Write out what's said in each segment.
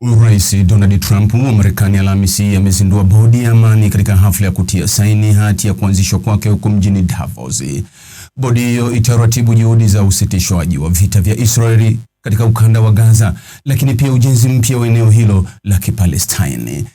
Rais Donald Trump wa Marekani Alhamisi amezindua bodi ya amani katika hafla ya kutia saini hati ya kuanzishwa kwake huko mjini Davos. Bodi hiyo itaratibu juhudi za usitishwaji wa vita vya Israeli katika ukanda wa Gaza, lakini pia ujenzi mpya wa eneo hilo la Kipalestina.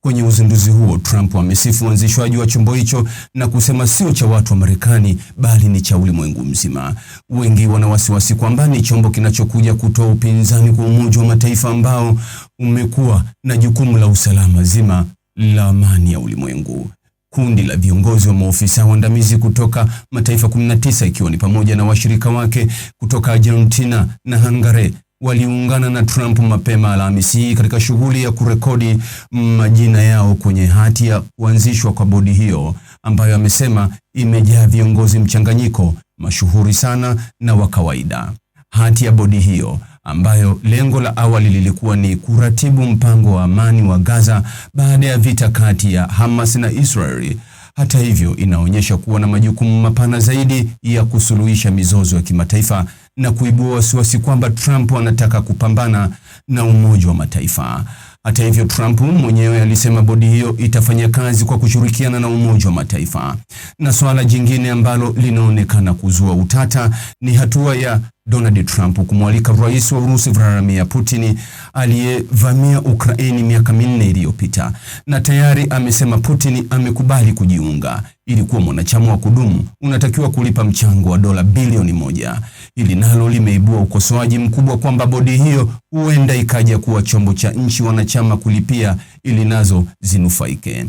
Kwenye uzinduzi huo, Trump amesifu uanzishwaji wa chombo hicho na kusema sio cha watu wa Marekani bali ni cha ulimwengu mzima. Wengi wana wasiwasi kwamba ni chombo kinachokuja kutoa upinzani kwa Umoja wa Mataifa ambao umekuwa na jukumu la usalama zima la amani ya ulimwengu. Kundi la viongozi wa maofisa waandamizi kutoka mataifa 19 ikiwa ni pamoja na washirika wake kutoka Argentina na Hungary waliungana na Trump mapema Alhamisi katika shughuli ya kurekodi majina yao kwenye hati ya kuanzishwa kwa bodi hiyo ambayo amesema imejaa viongozi mchanganyiko, mashuhuri sana na wa kawaida. Hati ya bodi hiyo ambayo lengo la awali lilikuwa ni kuratibu mpango wa amani wa Gaza baada ya vita kati ya Hamas na Israeli, hata hivyo, inaonyesha kuwa na majukumu mapana zaidi ya kusuluhisha mizozo ya kimataifa na kuibua wasiwasi kwamba Trump anataka kupambana na Umoja wa Mataifa. Hata hivyo, Trump mwenyewe alisema bodi hiyo itafanya kazi kwa kushirikiana na Umoja wa Mataifa. Na suala jingine ambalo linaonekana kuzua utata ni hatua ya Donald Trump kumwalika Rais wa Urusi Vladimir Putin aliyevamia Ukraini miaka minne iliyopita, na tayari amesema Putin amekubali kujiunga. Ili kuwa mwanachama wa kudumu, unatakiwa kulipa mchango wa dola bilioni moja. Hili nalo limeibua ukosoaji mkubwa kwamba bodi hiyo huenda ikaja kuwa chombo cha nchi wanachama kulipia ili nazo zinufaike.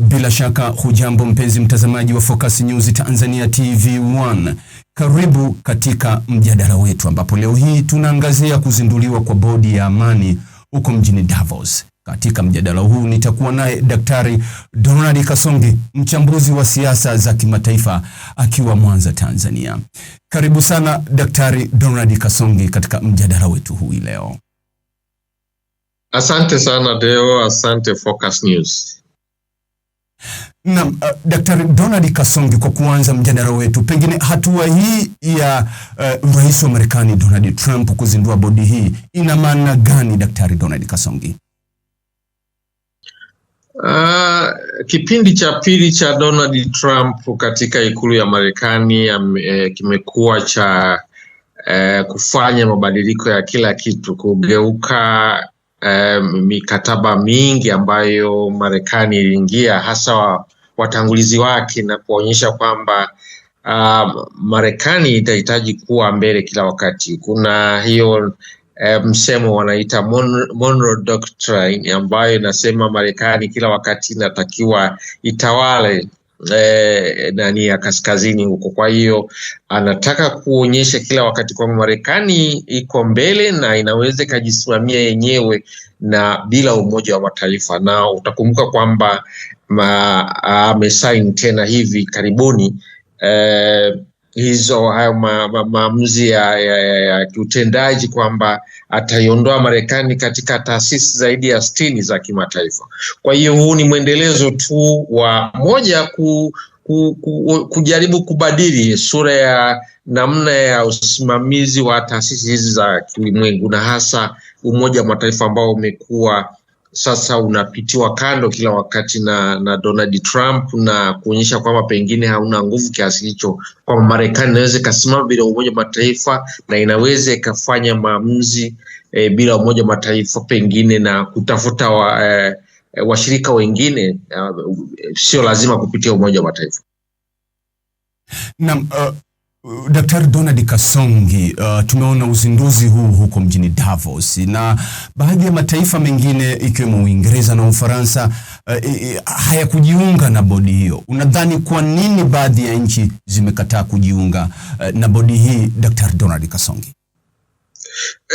Bila shaka, hujambo mpenzi mtazamaji wa Focus News Tanzania TV 1. Karibu katika mjadala wetu ambapo leo hii tunaangazia kuzinduliwa kwa bodi ya amani huko mjini Davos. Katika mjadala huu nitakuwa naye Daktari Donald Kasonge, mchambuzi wa siasa za kimataifa akiwa Mwanza, Tanzania. Karibu sana Daktari Donald Kasonge katika mjadala wetu huu leo. Asante sana Deo, asante Focus News. Na, uh, Daktari Donald Kasonge, kwa kuanza mjadala wetu, pengine hatua hii ya uh, rais wa Marekani Donald Trump kuzindua bodi hii ina maana gani, Daktari Donald Kasonge? Uh, kipindi cha pili cha Donald Trump katika ikulu ya Marekani eh, kimekuwa cha eh, kufanya mabadiliko ya kila kitu, kugeuka eh, mikataba mingi ambayo Marekani iliingia hasa watangulizi wake na kuonyesha kwamba uh, Marekani itahitaji kuwa mbele kila wakati. Kuna hiyo eh, msemo wanaita Monroe, Doctrine ambayo inasema Marekani kila wakati inatakiwa itawale eh, nani ya kaskazini huko. Kwa hiyo anataka kuonyesha kila wakati kwamba Marekani iko mbele na inaweza ikajisimamia yenyewe na bila Umoja wa Mataifa, na utakumbuka kwamba amesaini tena hivi karibuni eh, hizo hayo maamuzi ma, ma, ya, ya, ya kiutendaji kwamba ataiondoa Marekani katika taasisi zaidi ya sitini za kimataifa. Kwa hiyo huu ni mwendelezo tu wa moja ku, ku, ku, kujaribu kubadili sura ya namna ya usimamizi wa taasisi hizi za kiulimwengu na hasa Umoja wa Mataifa ambao umekuwa sasa unapitiwa kando kila wakati na, na Donald Trump na kuonyesha kwamba pengine hauna nguvu kiasi hicho, kwamba Marekani inaweza ikasimama bila Umoja wa Mataifa na inaweza ikafanya maamuzi e, bila Umoja wa Mataifa pengine na kutafuta wa, e, e washirika wengine, e, sio lazima kupitia Umoja wa Mataifa. Naam, uh, Uh, Daktari Donald Kasongi, uh, tumeona uzinduzi huu huko mjini Davos na baadhi ya mataifa mengine ikiwemo Uingereza na Ufaransa uh, uh, hayakujiunga na bodi hiyo. Unadhani kwa nini baadhi ya nchi zimekataa kujiunga uh, na bodi hii, Daktari Donald Kasongi?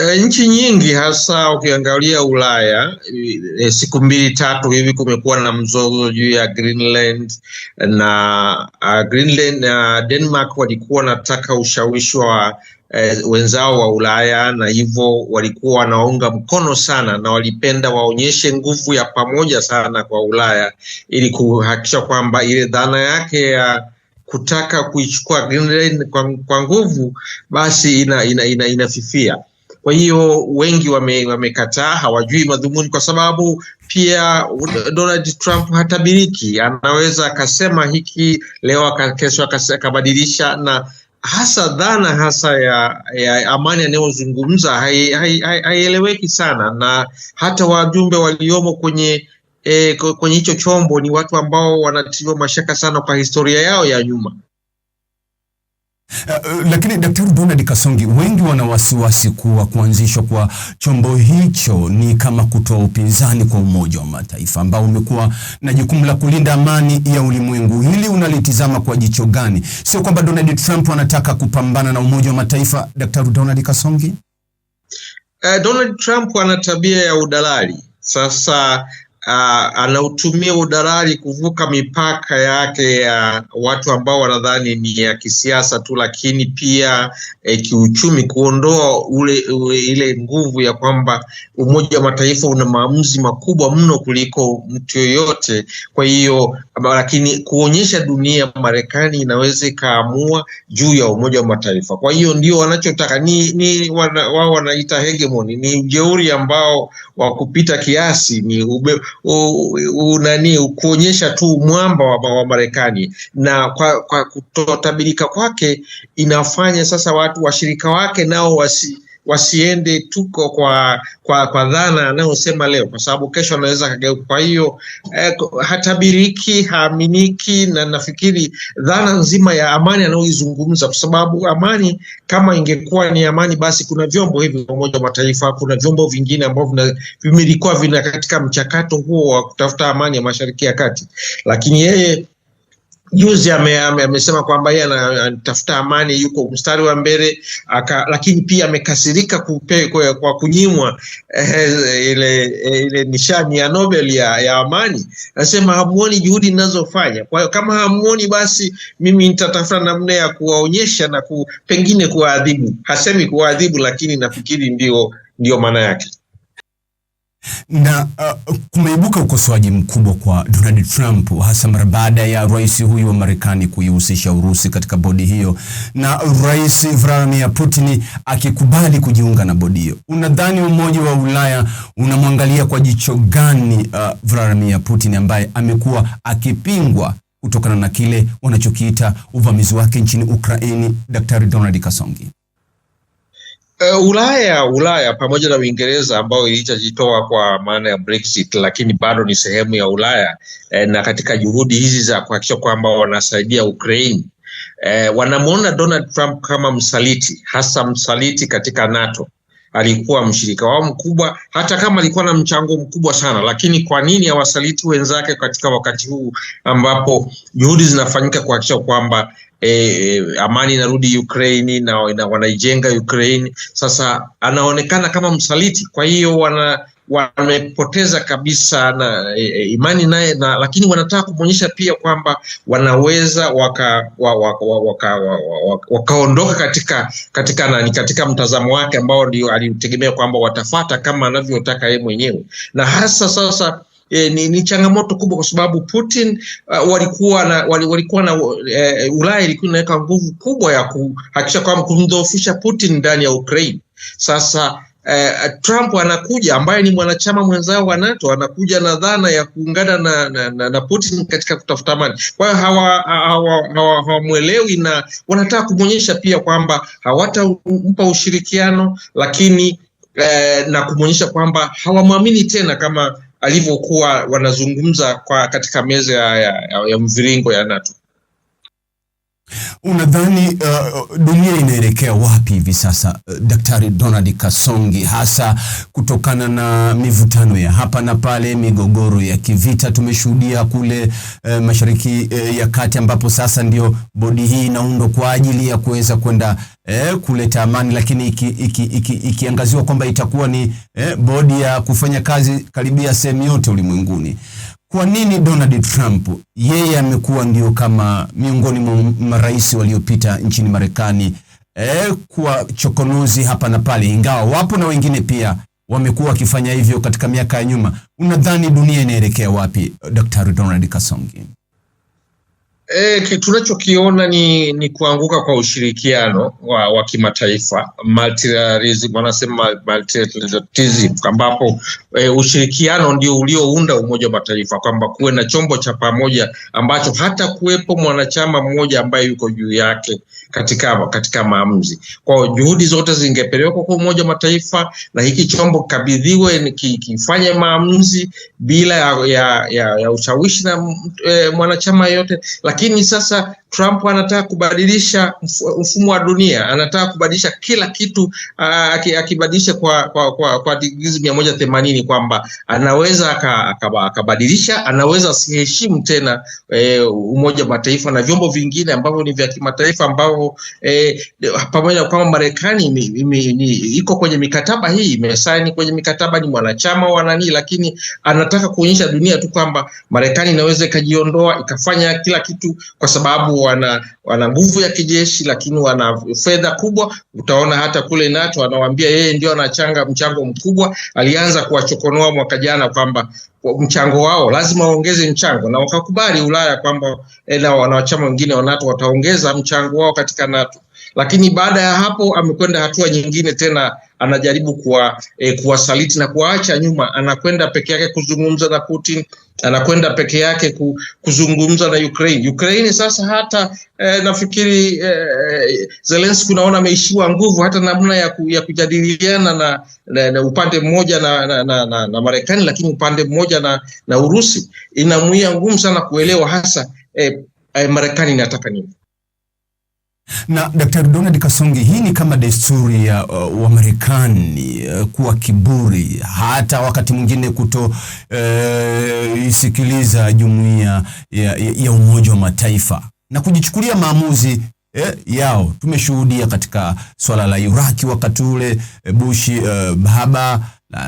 E, nchi nyingi hasa ukiangalia Ulaya e, siku mbili tatu hivi kumekuwa na mzozo juu ya Greenland na uh, Greenland na uh, Denmark walikuwa wanataka ushawishi wa E, wenzao wa Ulaya na hivyo walikuwa wanaunga mkono sana na walipenda waonyeshe nguvu ya pamoja sana kwa Ulaya ili kuhakikisha kwamba ile dhana yake ya kutaka kuichukua Greenland kwa, kwa nguvu basi ina, ina, ina, inafifia. Kwa hiyo wengi wame, wamekataa, hawajui madhumuni, kwa sababu pia Donald Trump hatabiriki. Anaweza akasema hiki leo, kesho akabadilisha, na hasa dhana hasa ya, ya amani anayozungumza haieleweki hai, hai sana, na hata wajumbe waliomo kwenye e, kwenye hicho chombo ni watu ambao wanatiliwa mashaka sana kwa historia yao ya nyuma. Uh, lakini Daktari Donald Kasongi, wengi wana wasiwasi kuwa kuanzishwa kwa chombo hicho ni kama kutoa upinzani kwa Umoja wa Mataifa ambao umekuwa na jukumu la kulinda amani ya ulimwengu. Hili unalitizama kwa jicho gani? Sio kwamba Donald Trump anataka kupambana na Umoja wa Mataifa, Daktari Donald Kasongi? Uh, Donald Trump ana tabia ya udalali. Sasa uh, anautumia udalali kuvuka mipaka yake ya uh, watu ambao wanadhani ni ya kisiasa tu, lakini pia eh, kiuchumi, kuondoa ule, ule ile nguvu ya kwamba Umoja wa Mataifa una maamuzi makubwa mno kuliko mtu yoyote. Kwa hiyo lakini kuonyesha dunia Marekani inaweza ikaamua juu ya Umoja wa Mataifa. Kwa hiyo ndio wanachotaka ni, ni wana, wao wanaita hegemoni, ni ujeuri ambao wa kupita kiasi, ni ube, unani kuonyesha tu mwamba wa, wa Marekani na kwa, kwa kutotabirika kwake inafanya sasa watu washirika wake nao wasi, wasiende tuko kwa kwa, kwa dhana anayosema leo, kwa sababu kesho anaweza kageuka. Kwa hiyo eh, hatabiriki, haaminiki, na nafikiri dhana nzima ya amani anayoizungumza, kwa sababu amani kama ingekuwa ni amani, basi kuna vyombo hivi vya Umoja wa Mataifa, kuna vyombo vingine ambavyo vilikuwa vina katika mchakato huo wa kutafuta amani ya Mashariki ya Kati, lakini yeye juzi amesema ame kwamba yeye anatafuta amani, yuko mstari wa mbele aka, lakini pia amekasirika kupe, kwa, kwa kunyimwa eh, ile, ile nishani ya Nobel ya, ya amani. Anasema hamuoni juhudi ninazofanya. Kwa hiyo kama hamuoni, basi mimi nitatafuta namna ya kuwaonyesha na ku, pengine kuwaadhibu. Hasemi kuwaadhibu, lakini nafikiri ndio ndio maana yake na uh, kumeibuka ukosoaji mkubwa kwa Donald Trump hasa mara baada ya rais huyu wa Marekani kuihusisha Urusi katika bodi hiyo na Rais Vladimir Putin akikubali kujiunga na bodi hiyo. Unadhani Umoja wa Ulaya unamwangalia kwa jicho gani uh, Vladimir Putin ambaye amekuwa akipingwa kutokana na kile wanachokiita uvamizi wake nchini Ukraini? Daktari Donald Kasongi. Uh, Ulaya Ulaya pamoja na Uingereza ambayo ilitajitoa kwa maana ya Brexit, lakini bado ni sehemu ya Ulaya eh, na katika juhudi hizi za kuhakikisha kwamba wanasaidia Ukraine eh, wanamwona Donald Trump kama msaliti, hasa msaliti katika NATO. Alikuwa mshirika wao mkubwa, hata kama alikuwa na mchango mkubwa sana, lakini kwa nini awasaliti wenzake katika wakati huu ambapo juhudi zinafanyika kuhakikisha kwamba e, amani inarudi Ukraine na, na wanaijenga Ukraine. Sasa anaonekana kama msaliti, kwa hiyo wana wamepoteza kabisa na e, e, imani naye na, lakini wanataka kumwonyesha pia kwamba wanaweza wakaondoka waka, waka, waka, waka, katika katika nani, katika mtazamo wake ambao ndio alitegemea kwamba watafata kama anavyotaka yeye mwenyewe na hasa sasa e, ni, ni changamoto kubwa kwa sababu Putin uh, walikuwa na walikuwa na uh, Ulaya ilikuwa inaweka nguvu kubwa ya kuhakikisha kwamba kumdhoofisha Putin ndani ya Ukraine. Sasa uh, Trump anakuja ambaye ni mwanachama mwenzao wa NATO anakuja na dhana ya kuungana na, na, na, na Putin katika kutafuta amani. Kwa hiyo hawamwelewi hawa, hawa, hawa na wanataka kumwonyesha pia kwamba hawatampa ushirikiano lakini Eh, na kumwonyesha kwamba hawamwamini tena kama alivyokuwa wanazungumza kwa katika meza ya, ya, ya mviringo ya NATO. Unadhani uh, dunia inaelekea wapi hivi sasa uh, Daktari Donald Kasongi, hasa kutokana na mivutano ya hapa na pale, migogoro ya kivita tumeshuhudia kule uh, Mashariki uh, ya Kati, ambapo sasa ndio bodi hii inaundwa kwa ajili ya kuweza kwenda eh, kuleta amani, lakini ikiangaziwa iki, iki, iki kwamba itakuwa ni eh, bodi ya kufanya kazi karibia sehemu yote ulimwenguni. Kwa nini Donald Trump yeye amekuwa ndio kama miongoni mwa marais waliopita nchini Marekani e, kwa chokonozi hapa na pale, ingawa wapo na wengine pia wamekuwa wakifanya hivyo katika miaka ya nyuma. Unadhani dunia inaelekea wapi, dr Donald Kasongi? E, eh, tunachokiona ni, ni kuanguka kwa ushirikiano wa, wa kimataifa multilateralism, wanasema multilateralism, ambapo e, ushirikiano ndio uliounda Umoja wa Mataifa, kwamba kuwe na chombo cha pamoja ambacho hata kuwepo mwanachama mmoja ambaye yuko juu yake katika, katika maamuzi. Kwa juhudi zote zingepelekwa kwa Umoja wa Mataifa na hiki chombo kabidhiwe kifanye maamuzi bila ya, ya, ya, ya ushawishi na e, mwanachama lakini lakini sasa Trump anataka kubadilisha mfumo wa dunia, anataka kubadilisha kila kitu akibadilisha kwa, kwa, kwa, kwa digrii mia moja themanini kwamba anaweza akabadilisha aka, anaweza asiheshimu tena e, Umoja wa Mataifa na vyombo vingine ambavyo ni vya kimataifa ambavyo e, pamoja na kwamba Marekani iko kwenye mikataba hii imesaini kwenye mikataba, ni mwanachama wa nani, lakini anataka kuonyesha dunia tu kwamba Marekani inaweza ikajiondoa ikafanya kila kitu kwa sababu wana wana nguvu ya kijeshi, lakini wana fedha kubwa. Utaona hata kule NATO anawaambia yeye ndio anachanga mchango mkubwa. Alianza kuwachokonoa mwaka jana kwamba mchango wao lazima waongeze mchango, na wakakubali Ulaya kwamba eh, na wanachama wengine wa NATO wataongeza mchango wao katika NATO lakini baada ya hapo amekwenda hatua nyingine tena, anajaribu kuwa, e, kuwasaliti na kuwaacha nyuma. Anakwenda peke yake kuzungumza na Putin, anakwenda peke yake kuzungumza na Ukraine. Ukraine sasa hata eh, nafikiri eh, Zelensky unaona ameishiwa nguvu hata namna ya, ku, ya kujadiliana na, na, na upande mmoja na, na, na, na, na Marekani, lakini upande mmoja na, na Urusi inamuia ngumu sana kuelewa hasa eh, eh, Marekani inataka nini. Na Daktari Donald Kasongi, hii ni kama desturi ya uh, Wamarekani uh, kuwa kiburi, hata wakati mwingine kutoisikiliza uh, jumuiya ya, ya Umoja wa Mataifa na kujichukulia maamuzi eh, yao. Tumeshuhudia katika swala la Iraki wakati ule eh, Bushi uh, eh, baba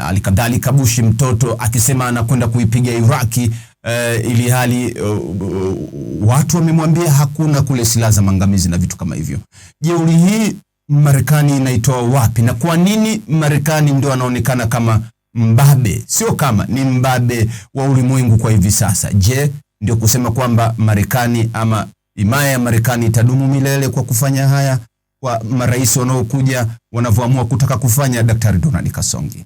alikadhalika Bushi mtoto akisema anakwenda kuipiga Iraki Uh, ili hali uh, uh, watu wamemwambia hakuna kule silaha za maangamizi na vitu kama hivyo. Jeuri hii Marekani inaitoa wapi, na kwa nini Marekani ndio anaonekana kama mbabe? Sio kama ni mbabe wa ulimwengu kwa hivi sasa. Je, ndio kusema kwamba Marekani ama imaya ya Marekani itadumu milele kwa kufanya haya kwa marais wanaokuja wanavyoamua kutaka kufanya? Daktari Donald Kasongi.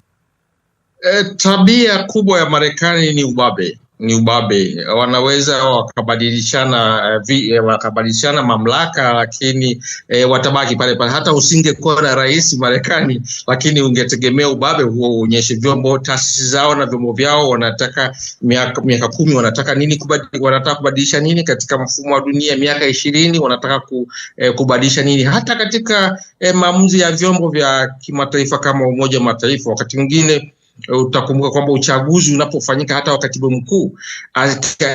E, eh, tabia kubwa ya Marekani ni ubabe ni ubabe, wanaweza wakabadilishana eh, eh, wakabadilishana mamlaka, lakini eh, watabaki pale pale. Hata usingekuwa na rais Marekani, lakini ungetegemea ubabe huo uonyeshe. Vyombo taasisi zao na vyombo vyao wanataka miaka, miaka kumi wanataka nini kubadili, wanataka kubadilisha nini katika mfumo wa dunia, miaka ishirini wanataka ku, eh, kubadilisha nini hata katika eh, maamuzi ya vyombo vya kimataifa kama Umoja wa Mataifa wakati mwingine Utakumbuka kwamba uchaguzi unapofanyika hata wa katibu mkuu,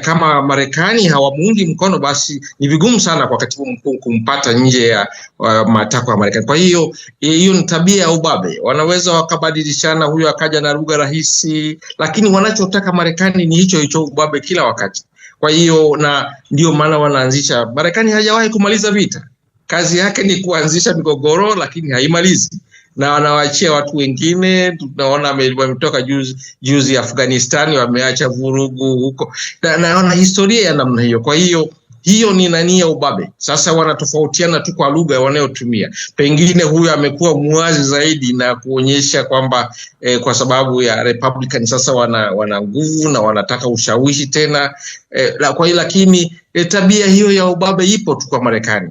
kama Marekani hawamuungi mkono, basi ni vigumu sana kwa katibu mkuu kumpata nje ya uh, matakwa ya Marekani. Kwa hiyo hiyo ni tabia ya ubabe, wanaweza wakabadilishana, huyo akaja na lugha rahisi, lakini wanachotaka Marekani ni hicho hicho ubabe kila wakati. Kwa hiyo na ndio maana wanaanzisha. Marekani hajawahi kumaliza vita, kazi yake ni kuanzisha migogoro, lakini haimalizi na wanawachia watu wengine. Tunaona wametoka juzi, juzi Afghanistan, wameacha vurugu huko, na naona historia ya namna hiyo. Kwa hiyo hiyo ni nani ya ubabe. Sasa wanatofautiana tu kwa lugha wanayotumia. Pengine huyo amekuwa mwazi zaidi na kuonyesha kwamba eh, kwa sababu ya Republican sasa wana wana nguvu na wanataka ushawishi tena eh, la, kwa hiyo lakini eh, tabia hiyo ya ubabe ipo tu kwa Marekani.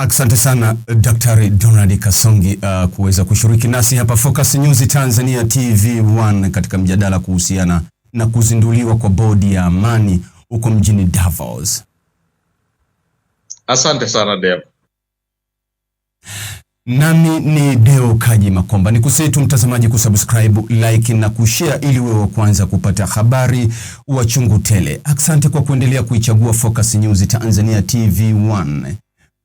Asante sana Daktari Donald Kasongi uh, kuweza kushiriki nasi hapa Focus News Tanzania TV1 katika mjadala kuhusiana na kuzinduliwa kwa bodi ya amani huko mjini Davos. Asante sana Deo. Nami ni Deo Kaji Makomba. Nikusii tu mtazamaji kusubscribe, like na kushare ili wewe kwanza kupata habari wa chungu tele. Asante kwa kuendelea kuichagua Focus News Tanzania TV1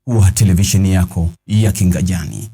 wa televisheni yako ya Kingajani.